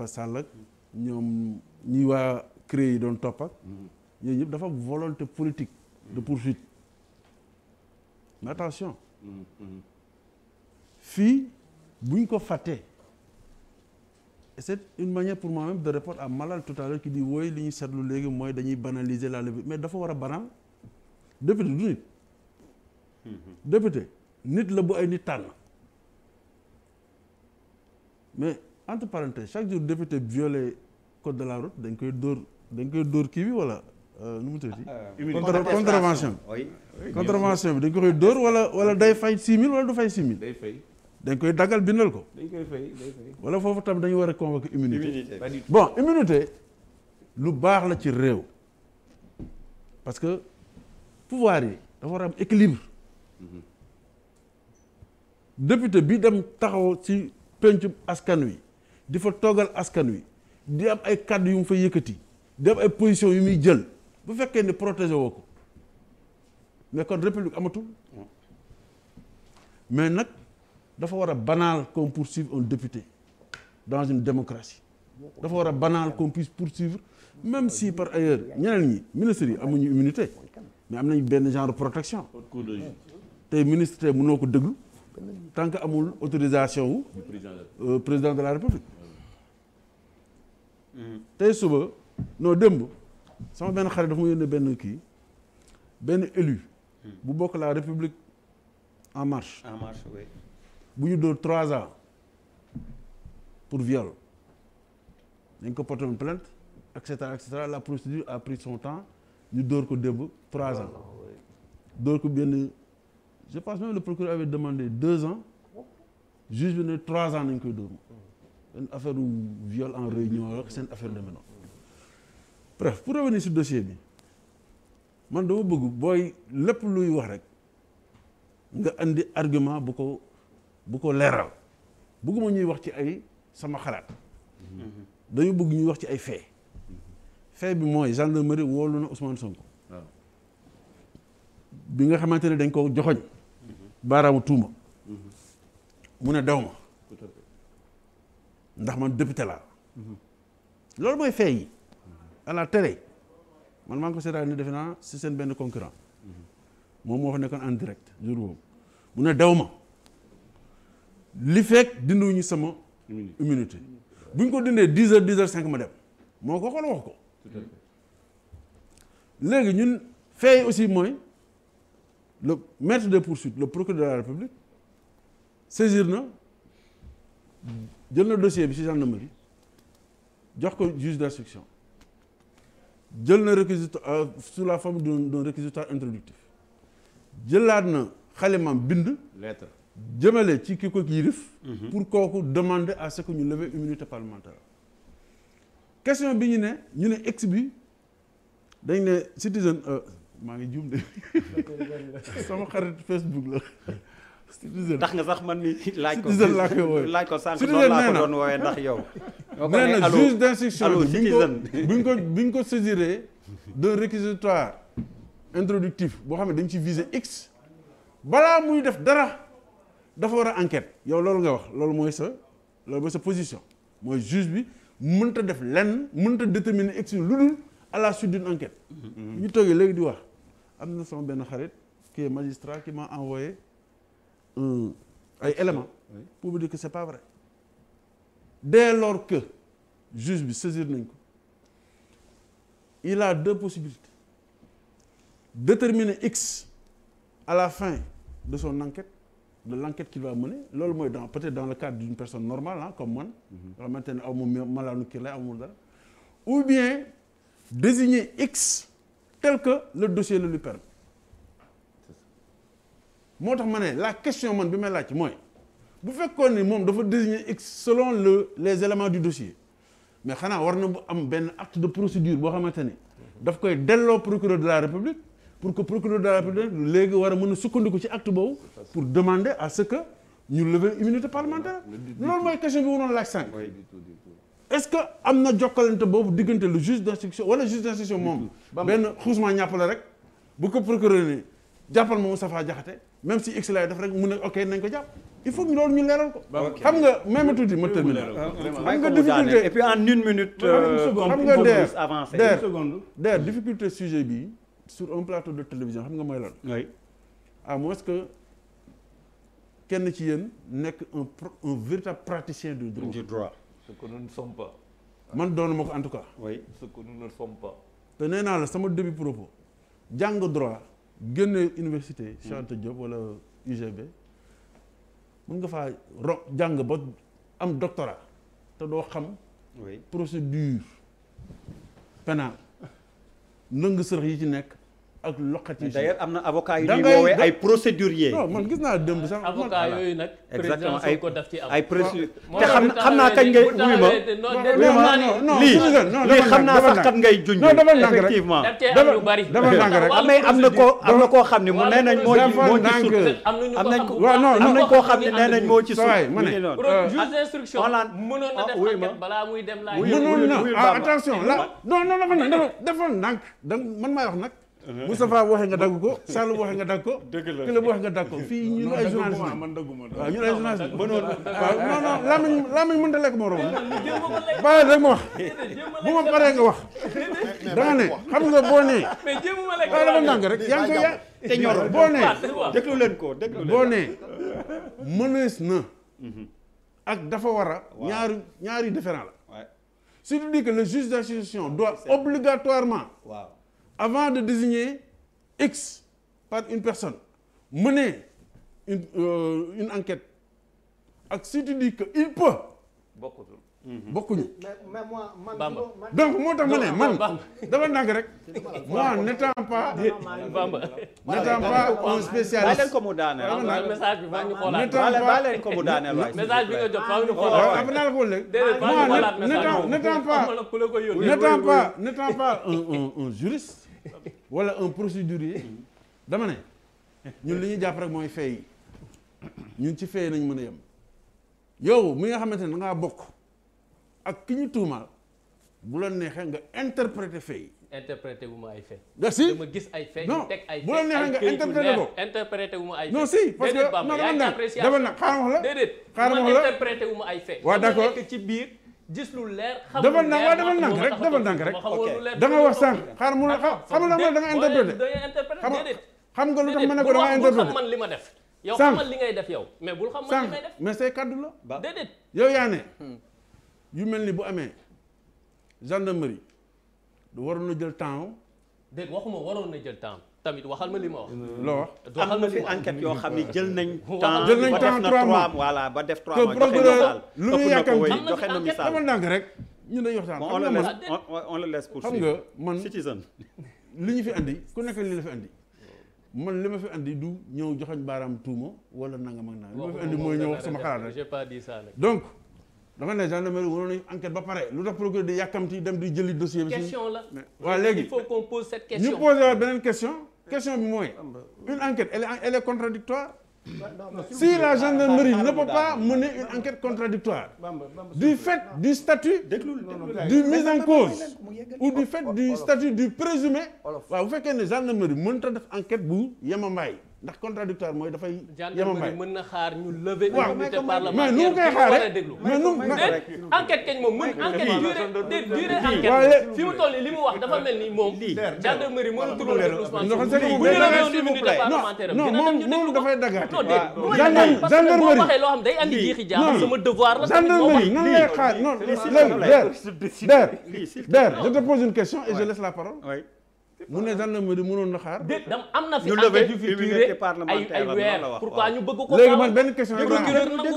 Khalifa Sall ak ñoom ñi waa CREA yi doon topp ak mm-hmm. yooyu ñëpp dafa volonté politique de mm-hmm. poursuite mais mm-hmm. fii buñ ko fàttee et c'est une manière pour moi-même de répondre à Malal tout à l'heure qui li ñu seetlu léegi mooy dañuy banaliser la levée mais dafa war a banal député du nit député nit la bu ay nit tànn mais entre parenthèses chaque jour député violé code de la route dañ koy dóor dañ koy dóor kii bi wala euh, nu mu tuddati. Euh, contravention contravention bi dañ koy dóor wala wala day fay 6000 wala du fay 6000. day fay dañ koy daggal bindal ko. dañ koy fay wala foofu tam dañu war a convoquer immunité. bon immunité lu baax la ci réew. parce que pouvoir yi dafa war a am équilibre. Mhm. député bi dem taxaw ci pencu askan wi. di fa toogal askan wi di am ay kàddu yu mu fa yëkkati di am ay position yu muy jël bu fekkee ne protégé woo ko mais kon république amatul mais nag dafa war a banal qu'on poursuive un député dans une démocratie dafa war a banal qu'on pour poursuivre même si par ailleurs ñeneen ñi ministres yi amuñu immunité mais am nañ benn genre protection tey ministre tey mënoo ko déglu tant que amul autorisation wu président de la république euh, tey suba non démb sama benn xarit dafa ma yónnee benn kii benn élu. bu bokk la république en marche. en marche bu ñu dóor trois ans pour viol dañ ko porté woon plainte et cetera et la procédure a pris son temps ñu dóor ko démb trois ans. dóor ko benn je pense même le procureur avait demandé deux ans juge bi trois ans nañ koy dóor. seen affaire viol en réunion ak seen affaire demee noonu bref pour revenir sur dossier bi man dama bëgg booy lépp luy wax rek nga indi argument bu ko bu ko leeral bëgguma ñuy wax ci ay sama xalaat mhm. dañu bëgg ñuy wax ci ay fait fait bi mooy gendarmerie woolu na Ousmane Sonko bi nga xamante ne dañ ko joxoñ mhm. baaraamu tuuma mhm. mu ne daw ma ndax man député laa loolu mooy fee yi à la man maa ngi ko seetaan ni defe naa si seen benn concurrent moom moo fa nekkoon en direct jour boobu mu ne daw ma li fekk dindiwuñu sama immunité bu ñu ko dindee dix heures dix heures cinq ma dem moo ko xool wax ko léegi ñun fee aussi mooy le maître des poursuites le procureur de la république saisir na jël na dossier bi ci gendarmerie jox ko juge d'instruction jël na réquisitoire euh, su la forme d'un réquisitoire introductif jëlaat na xalimam bind. lettre jëmale ci ki ko yilif mhm. pour kooku demande à ce que ñu lever immunité parlementaire. question bi ñu ne ñu ne ex bi dañ ne citoyen euh, maa ngi juum de sama xarit Facebook la. ndax nga sax man mi laaj ko laaj ko sànq noonu laa ko doon woowee ndax yow nee na juge d'instruction bi ñu ko bi ñu ko saisiré d'un réquisitoire introductive boo xam ne dañ ci viser x balaa muy def dara dafa war a enquête yow loolu nga wax loolu mooy sa loolu mooy sa position mooy juge bi mun ta def lenn mënta déterminer ex lu dul à la suite d'une enquête mm-hmm. ñu toogee léegi di wax am na sama benn xarit qui est magistrat qui m'a envoyé ay éléments pour vous dire que c'est pas vrai dès lors que juge bi saisir nañ ko il a deux possibilités déterminer x à la fin de son enquête de l'enquête qu'il va mener loolu mooy dans peut-être dans le cadre d'une personne normale ah comme man mhm. nga xamante ne aw mu malaanu kii lay amul dara ou bien désigner x tel que le dossier le lui permet moo tax ma ne la question man bi may laaj mooy bu fekkoon ni moom dafa désigner x selon le les éléments du dossier mais xanaa war na bu am benn acte de procédure boo xamante ni daf koy delloo procureur de la république pour que procureur de la république léegi war a mën a sukkandiku ci acte boobu pour demander à ce que ñu lever immunité parlementaire loolu mooy question bi waroon laaj sànq est-ce que am na jokkalante boobu diggante le juge d'instruction wala juge d'instruction moom benn xuusma ñàpp la rek bu ko procureur ni jàppal ma Moustapha même si x lay def rek mu ne ok nañ ko jàpp il faut que loolu ñu leeral ko. xam nga même tuuti ma terminer. xam nga difficulté et puis euh, difficulté sujet bi sur un plateau de télévision xam nga mooy lan. oui à moins que kenn ci yéen nekk un un véritable praticien du droit. du droit. ce man doonu ma ko en tout cas. oui ce que te nee naa la sama début propos jàng droit. génne université Cheikh Anta walla wala UGB mën nga faa ro jàng ba am doctorat te doo xam procédure pénale ndëng sërëx yi ci nekk ak loqati. d'ailleurs am na avocat ay procédurier. non man gis naa dëmb sax. avocat yooyu nag. exactement ay ay procédurier. te xam xam naa kañ ngay. wuy ma non non lii xam naa sax kat ngay junj. non dafa nang rek effectivement dafa nang rek. mais na koo am na koo xam ne mu nee nañ moo ci moo ci ko am koo xam ne nee nañ moo ci sut. mu ne noonu. Euh, juge d'instruction mënoon na oh, def enquête balaa muy dem laaj. mënoon na attention la non non dafa nang dafa nang man maay wax nag. Uh-huh. Moustapha bu waxee nga dagg ko Sall bu waxee nga dagg ko ki la bu waxee nga dagg ko fii ñun ay journaliste waaw ah, ñun ay journaliste waaw non non lamiñ lamiñ mën da lekk moo romb bàyyi rek ma wax bu ma paree nga wax dama ne xam nga boo nee waaw dama ndànk rek yaa ngi koy yaa te boo nee déglu leen ko déglu boo nee mënees na mhm. ak dafa war a ñaari ñaari différent la surtout dit que le juge d'association doit obligatoirement avant de désigner X par une personne, mener une, euh, enquête. Et si tu dis qu'il peut. Beaucoup. Mhm. Beaucoup. Mais, mais moi, man, Bamba. donc, moi, je ne moi, moi n'étant pas, n'étant pas un spécialiste, n'étant pas, n'étant pas, n'étant pas un wala un procédurier dama ne ñun li ñuy jàpp rek mooy fay ñun ci fay nañ mën a yem yow mi nga xamante ne da ngaa bokk ak ki ñu tuumaal bu la neexee nga interpréter fay. interpréter ma ay fay. merci dama bu la neexee nga interpréter ko interpréter wu ma ay fay. non si parce que non dama nag xaaral ma wax la déedéet xaaral ma wax la interpréter wu ay fay. waaw d'accord ci gis lu leer. xamul leer dafa nank rek dafa nank rek da nga wax sànq. xaar mu xamul da nga interprété. xam nga lu tax ma ne ko da nga interprété man li ma def. yow xamal li ngay def yow. mais bul xam man li may def mais say kaddu la. déedéet yow yaa ne. Hmm. yu mel ni bu amee gendarmerie du waroon na jël temps. déet waxuma waroon na jël temps. tamit waxal ma li ma wax. loo wax na fi enquête yoo xam ne jël nañ. temps jël nañ temps 3 mois voilà ba def 3 mois joxe lu ñu yàkkam ci joxe ndànk rek ñu dañuy waxtaan. on le laisse on le laisse pour xam nga man citizen li ñu fi indi ku nekk li la fi andi. man li ma fi andi du ñëw joxoñ baaraam tuuma wala nangam ak nangam li ma fi andi mooy ñëw wax sama xalaat rek j'ai pas dit ça donc. dafa ne gendarmerie waroon nañu enquête ba pare lu tax procureur di yàkkamti dem di jëli dossier bi. question la waaw léegi ñu posé beneen question. question bi mooy une enquête elle est elle est contradictoire si la gendarmerie ah, ne peut pas mener une enquête contradictoire du fait du statut du mise en cause ou du fait du statut du présumé waaw bu fekkee ne gendarmerie mënut a def enquête bu yemambaay ndax contradictoire mooy dafay. yemamaay mën na xaar ñu lever. immunité parlementaire mais nu koy xaaree mais nu mais enquête kañ moom mën enquête durée durée enquête fi mu toll nii li mu wax dafa mel ni moom. gendarmerie mënatul woon déglu Ousmane Sonko bu ñu lever immunité parlementaire non moom moom dafay dagaate. non déedéet parce que boo waxee loo xam day andi jiixi jaaxal sama devoir la. gendarmerie nan lay xaar non léegi der der je te pose une question et je laisse la parole. mu ne gendarmerie mënoon na xaar. dé am na fi enquête yu fi duré ay ay weer pourquoi ñu bëgg ko. léegi man benn question rek laa xam ne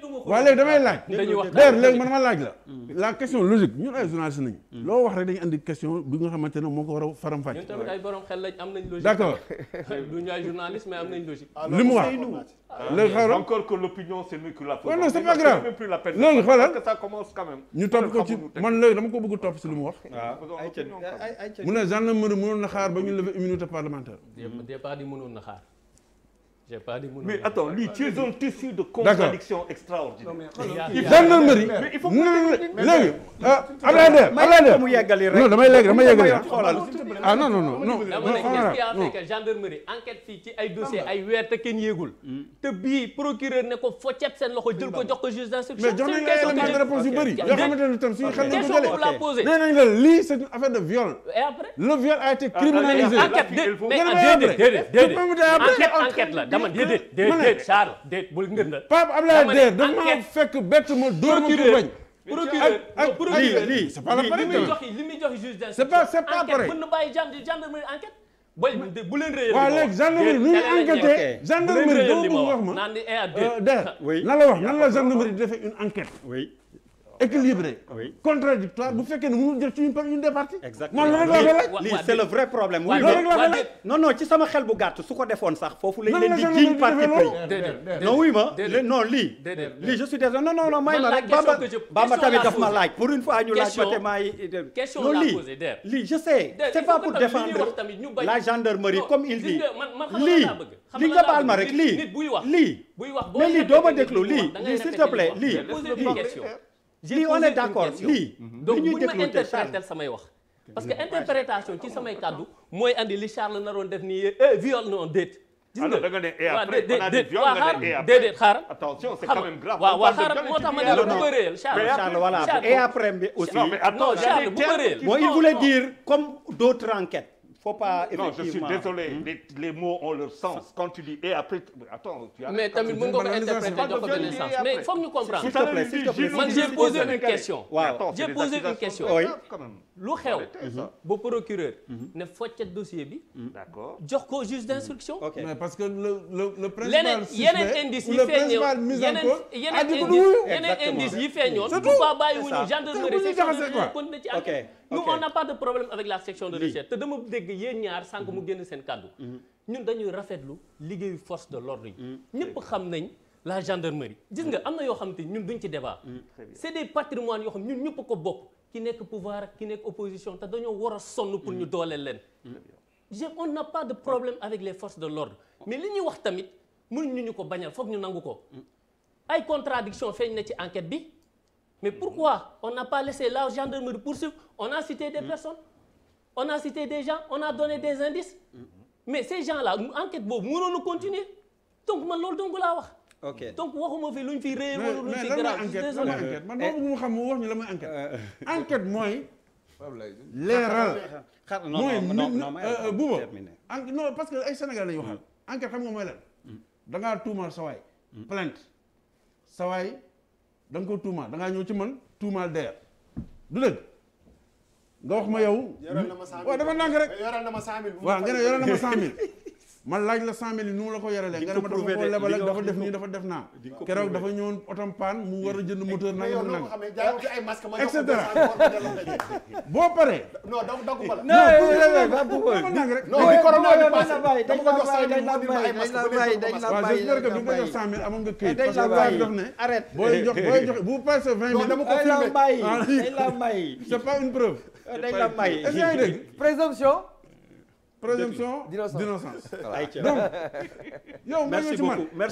du ma léegi damay laaj. dañuy léegi man ma laaj la. Hmm. la question logique ñun ay journaliste nañu. loo wax rek dañu andi question bi nga xamante ne moo ko war a faram-fàcce. ñun tamit ay ay journaliste mais am nañ logique. Ah, li mu ah, léegi ah, xaaral encore léegi xoolal dama ko bëgg a topp si lu ah, na xaar ba ñu lever immunité parlementaire. départ di mënoon j'ai pas dit mais attends lui tu es un tissu de contradiction extraordinaire. gendarmerie il faut léegi ah Ablaye Nder Ablaye Nder mu yeggali rek non damay léegi damay yeggali ah non non non non dama ne qu'est-ce qui a fait que gendarmerie enquête fii ci ay dossier ay weer te kenn yéegul hmm. te bii procureur ne ko foccet seen loxo jël ko jox ko juge d'instruction mais jox nañ la élément de réponse yu bëri yoo xamante ne tam suñu xel nañ ko jëlee nee nañ la lii c'est une affaire de viol et après le viol a été ah, ah, criminalisé enquête déedéet déedéet enquête enquête la dama déedéet déedéet Charles déet bul ngën fekk bett ma dóor ma ku bañ. procureur ak lii lii c'est pas la pareille li muy jox li muy jox juge d'instruction. c'est pas c'est pas pareil enquête mën na bàyyi gendarmerie enquête. booy bu leen réyal waaw léegi gendarmerie nu ñu enquêté gendarmerie dama wax ma. naan ni un à wax nan la gendarmerie di defee une équilibré ah contradictoire bu fekkee ne mënul jël ci une par exactement man loolu rek laa lii c'est le vrai problème loolu rek laa ko laaj non non ci sama xel bu gàtt su ko defoon sax foofu la leen di jiñ parti la gendarmerie comme il dit lii li nga baal ma rek lii lii mais lii doo ma déglu lii lii s'il te plaît lii lii on est d'accord lii mhm. donc bu ñu ma samay wax parce que interprétation ci samay kàddu mooy andi li Charles naroon def nii eh viol non déet on a dit viol nga ne et après moo tax ma ne la Charles voilà et après aussi non Charles bu ko il voulait dire comme d'autres enquêtes faut pas non je suis désolé mmh. les, les mots ont leur sens quand tu dis et après attends tu as mais tamit mën nga ko interpréter jox ko benn sens mais foog ñu comprendre man j'ai posé une question waaw j'ai posé une question lu xew ba procureur mhm. ne foccet dossier bi mhm. d'accord jox ko juge d'instruction mais parce que le le le principal yeneen indice yi feeñoon yeneen yeneen indice yi feeñoon bu fa bàyyiwuñu gendarmerie c'est kon na ci enquête nous on n'a pas de problème avec la section de recherche te dama dégg yéen ñaar sànq mu mm-hmm. génn seen kàddu mm-hmm. ñun dañuy rafetlu liggéeyu force de l'ordre yi mm-hmm. ñëpp xam nañ la gendarmerie gis nga am na yoo xam xamante ñun duñ ci débat c'est des patrimoines yoo xam ñun ñëpp ko bokk ki nekk pouvoir ki nekk opposition te dañoo war a sonn pour ñu dooleel leen je on n'a pas de problème avec les forces de l'ordre mais li ñuy wax tamit mënuñu ñu ko bañal foog ñu nangu ko ay contradiction feeñ na ci enquête bi Mais pourquoi on n'a pas laissé la gendarmerie poursuivre On a cité des mmh. personnes, on a cité des gens, on a donné des indices. Hmm. Mais ces gens-là, enquête boobu mënoon continuer donc man loolu donc laa wax. ok donc waxuma fi luñ fi réew. wala luñ fi grave mais mooy xam ma wax ñu la euh, euh, euh, enquête. mooy. leeral. mooy non non parce que ay Sénégal la ñu waxal. Hmm. enquête xam nga mooy lan. Hmm. da ngaa tuumal sa waay. plainte da nga ko tuumaal da ngaa ñëw ci man tuumaal der du dëgg nga wax ma yow. yoral na ma 100000 waaw dafa nànk rek. yoral na ma 100000. waaw nga ne yoral na ma 100000. man laaj la cent mille nu la ko yoralee nga ne ma dafa koo lebal ak dafa def nii dafa def naa keroog dafa ñëwoon otom paan mu war a jënd moteur nag nag et boo paree nag rek bi corona bi passé dama nga jox parce que waa def ne booy jox booy jox bu vingt mille dama ah, pas une preuve dañ la may présomption présomption d'innocence donc yow ma ñëw ci man